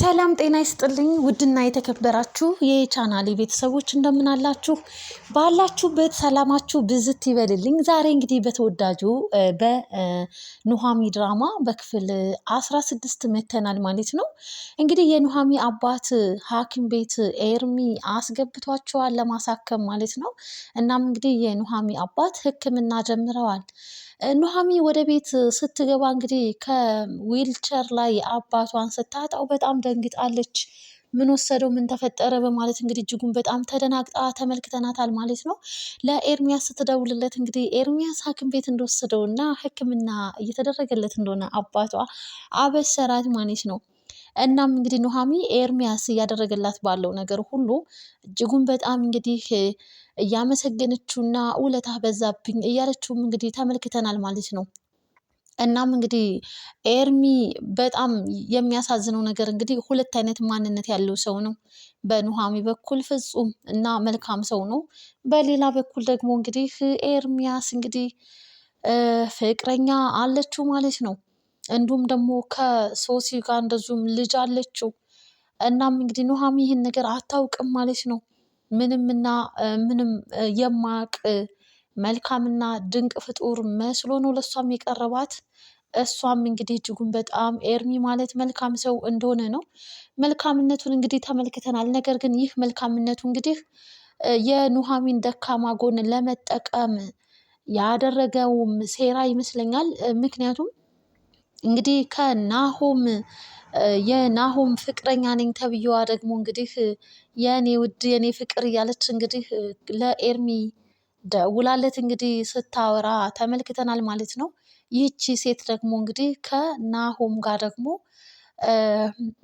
ሰላም ጤና ይስጥልኝ። ውድና የተከበራችሁ የቻናሌ ቤተሰቦች እንደምናላችሁ ባላችሁበት ሰላማችሁ ብዝት ይበልልኝ። ዛሬ እንግዲህ በተወዳጁ በኑሃሚ ድራማ በክፍል አስራ ስድስት መተናል ማለት ነው። እንግዲህ የኑሃሚ አባት ሐኪም ቤት ኤርሚ አስገብቷቸዋል ለማሳከም ማለት ነው። እናም እንግዲህ የኑሃሚ አባት ሕክምና ጀምረዋል። ኑሃሚ ወደ ቤት ስትገባ እንግዲህ ከዊልቸር ላይ አባቷን ስታጣው በጣም ደንግጣለች። ምን ወሰደው? ምን ተፈጠረ? በማለት እንግዲህ እጅጉን በጣም ተደናግጣ ተመልክተናታል ማለት ነው። ለኤርሚያስ ስትደውልለት እንግዲህ ኤርሚያስ ሐኪም ቤት እንደወሰደው እና ሕክምና እየተደረገለት እንደሆነ አባቷ አበሰራት ማለት ነው። እናም እንግዲህ ኑሃሚ ኤርሚያስ እያደረገላት ባለው ነገር ሁሉ እጅጉን በጣም እንግዲህ እያመሰገነችውና ውለታ በዛብኝ እያለችውም እንግዲህ ተመልክተናል ማለት ነው። እናም እንግዲህ ኤርሚ በጣም የሚያሳዝነው ነገር እንግዲህ ሁለት አይነት ማንነት ያለው ሰው ነው። በኑሃሚ በኩል ፍጹም እና መልካም ሰው ነው። በሌላ በኩል ደግሞ እንግዲህ ኤርሚያስ እንግዲህ ፍቅረኛ አለችው ማለት ነው። እንዲሁም ደግሞ ከሶሲ ጋር እንደዚሁም ልጅ አለችው። እናም እንግዲህ ኑሃሚ ይህን ነገር አታውቅም ማለት ነው። ምንምና ምንም የማያውቅ መልካምና ድንቅ ፍጡር መስሎ ነው ለእሷም የቀረባት። እሷም እንግዲህ እጅጉን በጣም ኤርሚ ማለት መልካም ሰው እንደሆነ ነው መልካምነቱን እንግዲህ ተመልክተናል። ነገር ግን ይህ መልካምነቱ እንግዲህ የኑሃሚን ደካማ ጎን ለመጠቀም ያደረገውም ሴራ ይመስለኛል። ምክንያቱም እንግዲህ ከናሆም የናሆም ፍቅረኛ ነኝ ተብዬዋ ደግሞ እንግዲህ የኔ ውድ የኔ ፍቅር እያለች እንግዲህ ለኤርሚ ደውላለት እንግዲህ ስታወራ ተመልክተናል ማለት ነው። ይህቺ ሴት ደግሞ እንግዲህ ከናሆም ጋር ደግሞ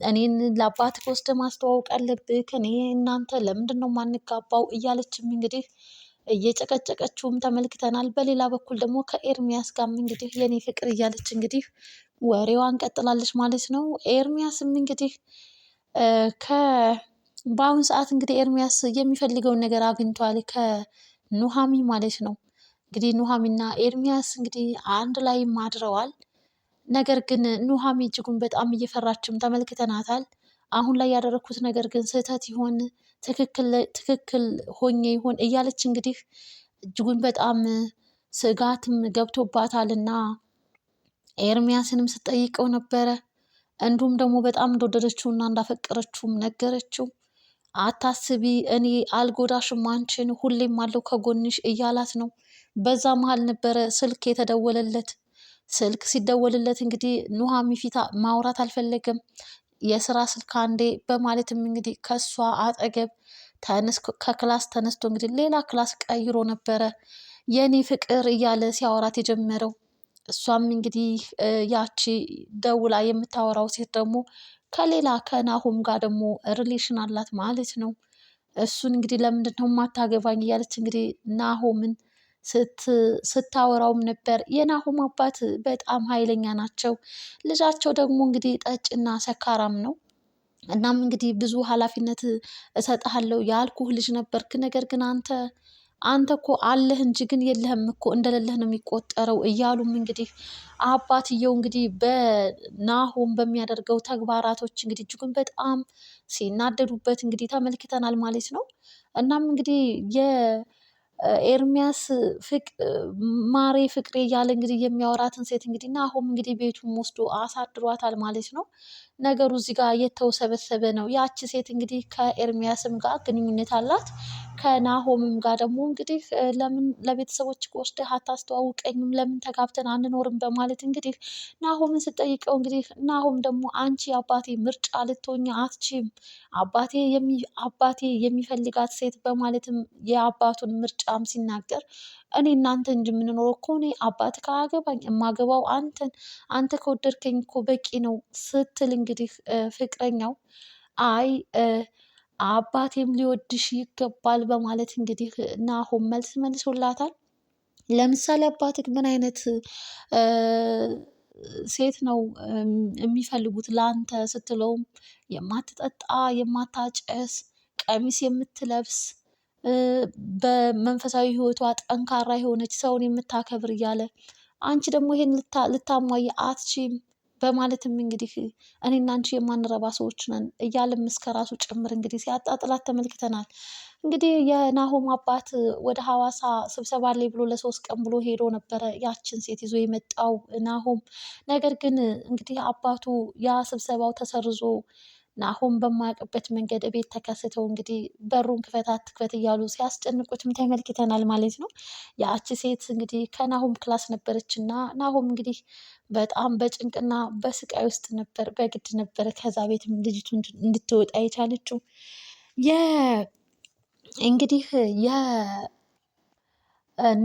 እኔን ለአባት ወስደህ ማስተዋወቅ አለብህ፣ ከኔ እናንተ ለምንድን ነው የማንጋባው? እያለችም እንግዲህ እየጨቀጨቀችውም ተመልክተናል። በሌላ በኩል ደግሞ ከኤርሚያስ ጋርም እንግዲህ የኔ ፍቅር እያለች እንግዲህ ወሬዋን ቀጥላለች ማለት ነው። ኤርሚያስም እንግዲህ ከ በአሁን ሰዓት እንግዲህ ኤርሚያስ የሚፈልገውን ነገር አግኝቷል ከኑሃሚ ማለት ነው። እንግዲህ ና ኤርሚያስ እንግዲህ አንድ ላይ ማድረዋል። ነገር ግን ኑሃሚ እጅጉን በጣም እየፈራችም ተመልክተናታል። አሁን ላይ ያደረግኩት ነገር ግን ስህተት ይሆን ትክክል ሆኜ ይሆን እያለች እንግዲህ እጅጉን በጣም ስጋትም ገብቶባታል እና ኤርሚያስንም ስትጠይቀው ነበረ። እንዲሁም ደግሞ በጣም እንደወደደችው እና እንዳፈቀረችውም ነገረችው። አታስቢ እኔ አልጎዳሽም፣ አንቺን ሁሌም አለው ከጎንሽ እያላት ነው። በዛ መሀል ነበረ ስልክ የተደወለለት። ስልክ ሲደወልለት እንግዲህ ኑሃሚ ፊት ማውራት አልፈለገም። የስራ ስልክ አንዴ በማለትም እንግዲህ ከሷ አጠገብ ከክላስ ተነስቶ እንግዲህ ሌላ ክላስ ቀይሮ ነበረ የኔ ፍቅር እያለ ሲያወራት የጀመረው እሷም እንግዲህ ያቺ ደውላ የምታወራው ሴት ደግሞ ከሌላ ከናሆም ጋር ደግሞ ሪሌሽን አላት ማለት ነው። እሱን እንግዲህ ለምንድን ነው የማታገባኝ እያለች እንግዲህ ናሆምን ስታወራውም ነበር። የናሆም አባት በጣም ኃይለኛ ናቸው። ልጃቸው ደግሞ እንግዲህ ጠጭና ሰካራም ነው። እናም እንግዲህ ብዙ ኃላፊነት እሰጥሃለሁ ያልኩህ ልጅ ነበርክ፣ ነገር ግን አንተ አንተ እኮ አለህ እንጂ ግን የለህም እኮ እንደሌለህ ነው የሚቆጠረው እያሉም እንግዲህ አባትየው እንግዲህ በናሆም በሚያደርገው ተግባራቶች እንግዲህ እጅጉን በጣም ሲናደዱበት እንግዲህ ተመልክተናል ማለት ነው። እናም እንግዲህ የኤርሚያስ ማሬ ፍቅሬ እያለ እንግዲህ የሚያወራትን ሴት እንግዲህ ናሆም እንግዲህ ቤቱም ወስዶ አሳድሯታል ማለት ነው። ነገሩ እዚህ ጋር የተውሰበሰበ ነው። ያቺ ሴት እንግዲህ ከኤርሚያስም ጋር ግንኙነት አላት ከናሆምም ጋር ደግሞ እንግዲህ ለምን ለቤተሰቦች ወስደህ አታስተዋውቀኝም? ለምን ተጋብተን አንኖርም? በማለት እንግዲህ ናሆምን ስጠይቀው እንግዲህ ናሆም ደግሞ አንቺ አባቴ ምርጫ ልትሆኝ አትችም፣ አባቴ አባቴ የሚፈልጋት ሴት በማለትም የአባቱን ምርጫም ሲናገር እኔ እናንተ እንጂ የምንኖረው እኮ እኔ አባት ከአገባኝ የማገባው አንተን አንተ ከወደድከኝ እኮ በቂ ነው ስትል እንግዲህ ፍቅረኛው አይ አባቴም ሊወድሽ ይገባል በማለት እንግዲህ ናሆም መልስ መልሶላታል። ለምሳሌ አባትህ ምን አይነት ሴት ነው የሚፈልጉት ለአንተ ስትለውም የማትጠጣ የማታጨስ ቀሚስ የምትለብስ በመንፈሳዊ ህይወቷ ጠንካራ የሆነች ሰውን የምታከብር እያለ አንቺ ደግሞ ይሄን ልታሟይ አትችም በማለትም እንግዲህ እኔና አንቺ የማንረባ ሰዎች ነን እያለም እስከ ራሱ ጭምር እንግዲህ ሲያጣጥላት ተመልክተናል። እንግዲህ የናሆም አባት ወደ ሐዋሳ ስብሰባ ላይ ብሎ ለሶስት ቀን ብሎ ሄዶ ነበረ ያችን ሴት ይዞ የመጣው ናሆም። ነገር ግን እንግዲህ አባቱ ያ ስብሰባው ተሰርዞ ናሆም በማያውቅበት መንገድ እቤት ተከስተው እንግዲህ በሩን ክፈት አትክፈት እያሉ ሲያስጨንቁትም ተመልክተናል ማለት ነው። ያቺ ሴት እንግዲህ ከናሆም ክላስ ነበረች እና ናሆም እንግዲህ በጣም በጭንቅና በስቃይ ውስጥ ነበር። በግድ ነበር ከዛ ቤትም ልጅቱ እንድትወጣ የቻለችው። እንግዲህ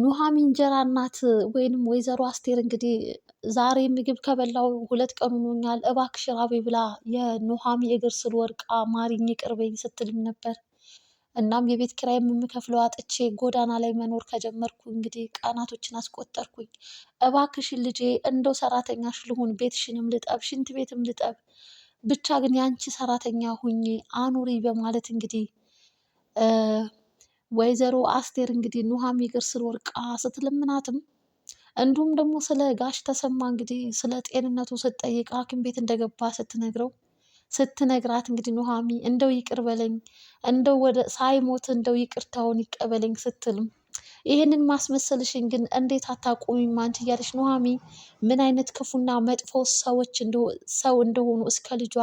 ኑሃም እንጀራ እናት ወይንም ወይዘሮ አስቴር እንግዲህ ዛሬ ምግብ ከበላው ሁለት ቀን ሆኖኛል፣ እባክሽ ራቤ ብላ የኑሃም የእግር ስር ወድቃ ማሪኝ ይቅርበኝ ስትልም ነበር። እናም የቤት ኪራይ የምከፍለው አጥቼ ጎዳና ላይ መኖር ከጀመርኩ እንግዲህ ቀናቶችን አስቆጠርኩኝ። እባክሽን ልጄ እንደው ሰራተኛሽ ልሁን፣ ቤትሽንም ልጠብ፣ ሽንት ቤትም ልጠብ፣ ብቻ ግን የአንቺ ሰራተኛ ሁኜ አኑሪ በማለት እንግዲህ ወይዘሮ አስቴር እንግዲህ ኑሃም ይቅር ስል ወርቃ ስትለምናትም እንዲሁም ደግሞ ስለ ጋሽ ተሰማ እንግዲህ ስለ ጤንነቱ ስትጠይቅ ሐኪም ቤት እንደገባ ስትነግረው ስትነግራት እንግዲህ ኑሃሚ እንደው ይቅር በለኝ እንደው ወደ ሳይሞት እንደው ይቅርታውን ይቀበለኝ ስትልም ይህንን ማስመሰልሽን ግን እንዴት አታቆሚም አንቺ እያለች ኑሐሚ ምን አይነት ክፉና መጥፎ ሰዎች ሰው እንደሆኑ እስከ ልጇ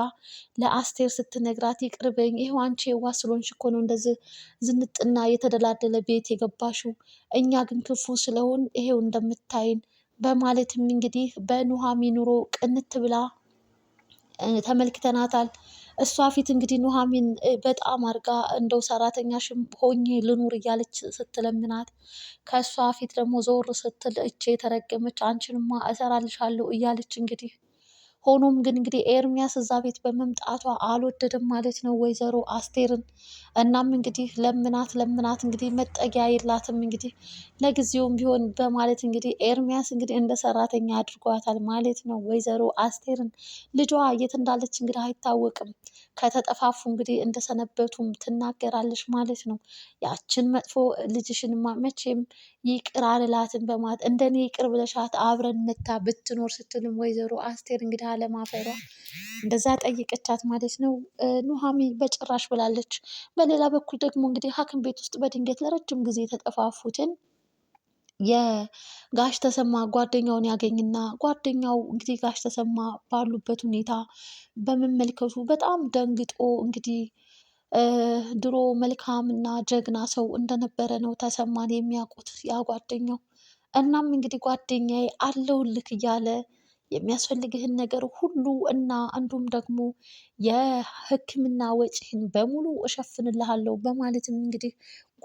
ለአስቴር ስትነግራት ይቅርበኝ፣ ይኸው አንቺ የዋህ ስለሆንሽ እኮ ነው እንደዚህ ዝንጥና የተደላደለ ቤት የገባሽው፣ እኛ ግን ክፉ ስለሆን ይሄው እንደምታይን በማለትም እንግዲህ በኑሃሚ ኑሮ ቅንት ብላ ተመልክተናታል። እሷ ፊት እንግዲህ ኑሐሚን በጣም አርጋ እንደው ሰራተኛሽም ሆኜ ልኑር እያለች ስትለምናት ከእሷ ፊት ደግሞ ዞር ስትል እቼ የተረገመች አንቺንማ እሰራልሻለሁ እያለች እንግዲህ ሆኖም ግን እንግዲህ ኤርሚያስ እዛ ቤት በመምጣቷ አልወደደም ማለት ነው ወይዘሮ አስቴርን። እናም እንግዲህ ለምናት ለምናት እንግዲህ መጠጊያ የላትም እንግዲህ ለጊዜውም ቢሆን በማለት እንግዲህ ኤርሚያስ እንግዲህ እንደ ሰራተኛ አድርጓታል ማለት ነው ወይዘሮ አስቴርን። ልጇ የት እንዳለች እንግዲህ አይታወቅም። ከተጠፋፉ እንግዲህ እንደሰነበቱም ትናገራለች ማለት ነው። ያችን መጥፎ ልጅሽን መቼም ይቅር አልላትን በማለት እንደኔ ይቅር ብለሻት አብረን መታ ብትኖር ስትልም ወይዘሮ አስቴር እንግዲህ አለማፈሯ እንደዛ ጠይቀቻት ማለት ነው። ኑሃሚ በጭራሽ ብላለች። በሌላ በኩል ደግሞ እንግዲህ ሐኪም ቤት ውስጥ በድንገት ለረጅም ጊዜ የተጠፋፉትን የጋሽ ተሰማ ጓደኛውን ያገኝና ጓደኛው እንግዲህ ጋሽ ተሰማ ባሉበት ሁኔታ በመመልከቱ በጣም ደንግጦ እንግዲህ ድሮ እና ጀግና ሰው እንደነበረ ነው ተሰማን የሚያውቁት ያ ጓደኛው። እናም እንግዲህ ጓደኛዬ አለውልክ እያለ የሚያስፈልግህን ነገር ሁሉ እና እንዲሁም ደግሞ የሕክምና ወጪህን በሙሉ እሸፍንልሃለሁ በማለትም እንግዲህ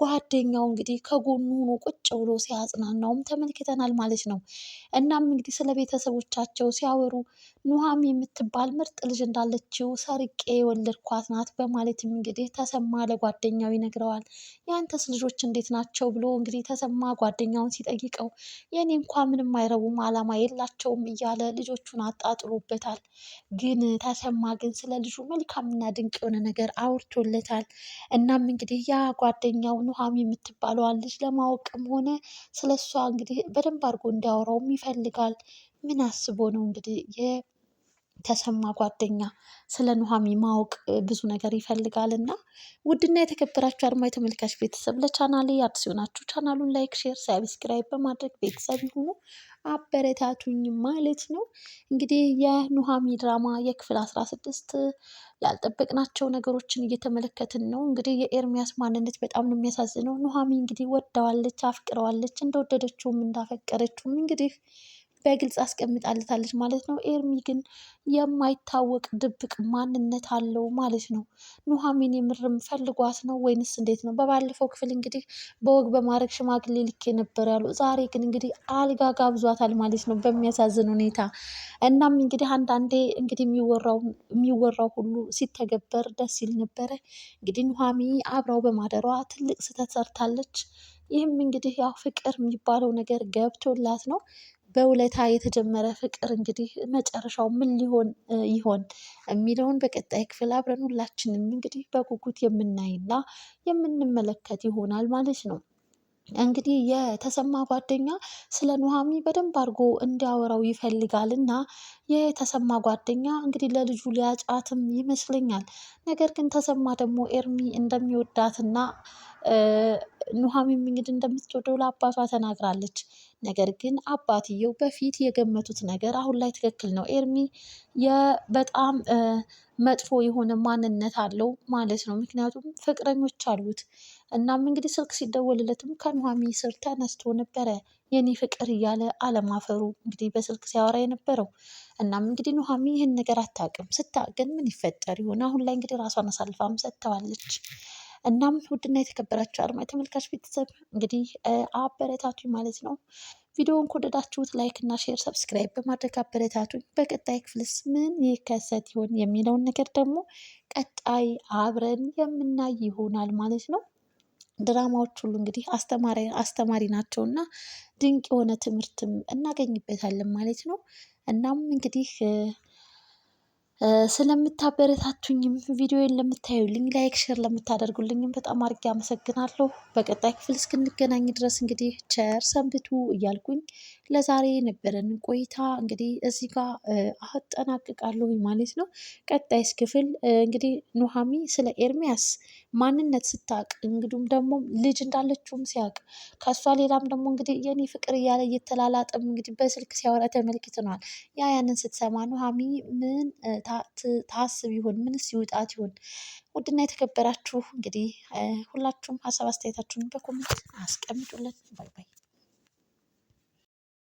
ጓደኛው እንግዲህ ከጎኑ ሆኖ ቁጭ ብሎ ሲያጽናናውም ተመልክተናል ማለት ነው። እናም እንግዲህ ስለ ቤተሰቦቻቸው ሲያወሩ ኑሃም የምትባል ምርጥ ልጅ እንዳለችው ሰርቄ የወለድኳት ናት በማለትም እንግዲህ ተሰማ ለጓደኛው ይነግረዋል። የአንተስ ልጆች እንዴት ናቸው ብሎ እንግዲህ ተሰማ ጓደኛውን ሲጠይቀው የኔ እንኳ ምንም አይረቡም አላማ የላቸውም እያለ ልጆቹን አጣጥሎበታል። ግን ተሰማ ግን ስለ ልጁ መልካምና ድንቅ የሆነ ነገር አውርቶለታል። እናም እንግዲህ ያ ጓደኛው ኑሃሚ የምትባለዋን ልጅ ለማወቅም ሆነ ስለሷ እንግዲህ በደንብ አድርጎ እንዲያወራውም ይፈልጋል። ምን አስቦ ነው እንግዲህ ተሰማ ጓደኛ ስለ ኑሃሚ ማወቅ ብዙ ነገር ይፈልጋል እና ውድና የተከበራችሁ አድማ የተመልካች ቤተሰብ ለቻናሌ አዲስ የሆናችሁ ቻናሉን ላይክ፣ ሼር፣ ሳብስክራይብ በማድረግ ቤተሰብ ይሁኑ አበረታቱኝ ማለት ነው። እንግዲህ የኑሃሚ ድራማ የክፍል አስራ ስድስት ያልጠበቅናቸው ነገሮችን እየተመለከትን ነው። እንግዲህ የኤርሚያስ ማንነት በጣም ነው የሚያሳዝነው። ኑሃሚ እንግዲህ ወደዋለች አፍቅረዋለች እንደወደደችውም እንዳፈቀረችውም እንግዲህ በግልጽ አስቀምጣለታለች ማለት ነው። ኤርሚ ግን የማይታወቅ ድብቅ ማንነት አለው ማለት ነው። ኑሐሚን የምርም ፈልጓት ነው ወይንስ እንዴት ነው? በባለፈው ክፍል እንግዲህ በወግ በማድረግ ሽማግሌ ልኬ ነበር ያሉ፣ ዛሬ ግን እንግዲህ አልጋ ጋብዟታል ማለት ነው በሚያሳዝን ሁኔታ። እናም እንግዲህ አንዳንዴ እንግዲህ የሚወራው ሁሉ ሲተገበር ደስ ይል ነበረ። እንግዲህ ኑሐሚ አብራው በማደሯ ትልቅ ስህተት ሰርታለች። ይህም እንግዲህ ያው ፍቅር የሚባለው ነገር ገብቶላት ነው በውለታ የተጀመረ ፍቅር እንግዲህ መጨረሻው ምን ሊሆን ይሆን የሚለውን በቀጣይ ክፍል አብረን ሁላችንም እንግዲህ በጉጉት የምናይና የምንመለከት ይሆናል ማለት ነው። እንግዲህ የተሰማ ጓደኛ ስለ ኑሐሚ በደንብ አድርጎ እንዲያወራው ይፈልጋል እና የተሰማ ጓደኛ እንግዲህ ለልጁ ሊያጫትም ይመስለኛል። ነገር ግን ተሰማ ደግሞ ኤርሚ እንደሚወዳትና ኑሐሚም እንግዲህ እንደምትወደው ለአባቷ ተናግራለች። ነገር ግን አባትየው በፊት የገመቱት ነገር አሁን ላይ ትክክል ነው። ኤርሚ በጣም መጥፎ የሆነ ማንነት አለው ማለት ነው። ምክንያቱም ፍቅረኞች አሉት። እናም እንግዲህ ስልክ ሲደወልለትም ከኑሃሚ ስር ተነስቶ ነበረ የኔ ፍቅር እያለ አለማፈሩ እንግዲህ በስልክ ሲያወራ የነበረው። እናም እንግዲህ ኑሃሚ ይህን ነገር አታውቅም። ስታውቅ ግን ምን ይፈጠር ይሆን? አሁን ላይ እንግዲህ ራሷን አሳልፋም ሰጥተዋለች። እናም ውድና የተከበራችሁ አድማጭ ተመልካች ቤተሰብ እንግዲህ አበረታቱ ማለት ነው። ቪዲዮውን ከወደዳችሁት ላይክ እና ሼር፣ ሰብስክራይብ በማድረግ አበረታቱኝ። በቀጣይ ክፍልስ ምን ይከሰት ይሆን የሚለውን ነገር ደግሞ ቀጣይ አብረን የምናይ ይሆናል ማለት ነው። ድራማዎች ሁሉ እንግዲህ አስተማሪ አስተማሪ ናቸው እና ድንቅ የሆነ ትምህርትም እናገኝበታለን ማለት ነው። እናም እንግዲህ ስለምታበረታቱኝም ቪዲዮን ለምታዩልኝ ላይክ ሼር ለምታደርጉልኝም በጣም አድርጌ አመሰግናለሁ። በቀጣይ ክፍል እስክንገናኝ ድረስ እንግዲህ ቸር ሰንብቱ እያልኩኝ ለዛሬ የነበረን ቆይታ እንግዲህ እዚህ ጋር አጠናቅቃለሁ ማለት ነው። ቀጣይስ ክፍል እንግዲህ ኑሃሚ ስለ ኤርሚያስ ማንነት ስታውቅ እንግዲሁም ደግሞ ልጅ እንዳለችውም ሲያውቅ ከእሷ ሌላም ደግሞ እንግዲህ የኔ ፍቅር እያለ እየተላላጠም እንግዲህ በስልክ ሲያወራ ተመልክተናል። ያ ያንን ስትሰማ ኑሃሚ ምን ታስብ ይሆን? ምንስ ይውጣት ይሆን? ውድና የተከበራችሁ እንግዲህ ሁላችሁም ሀሳብ አስተያየታችሁን በኮሜንት አስቀምጡለን። ባይ ባይ።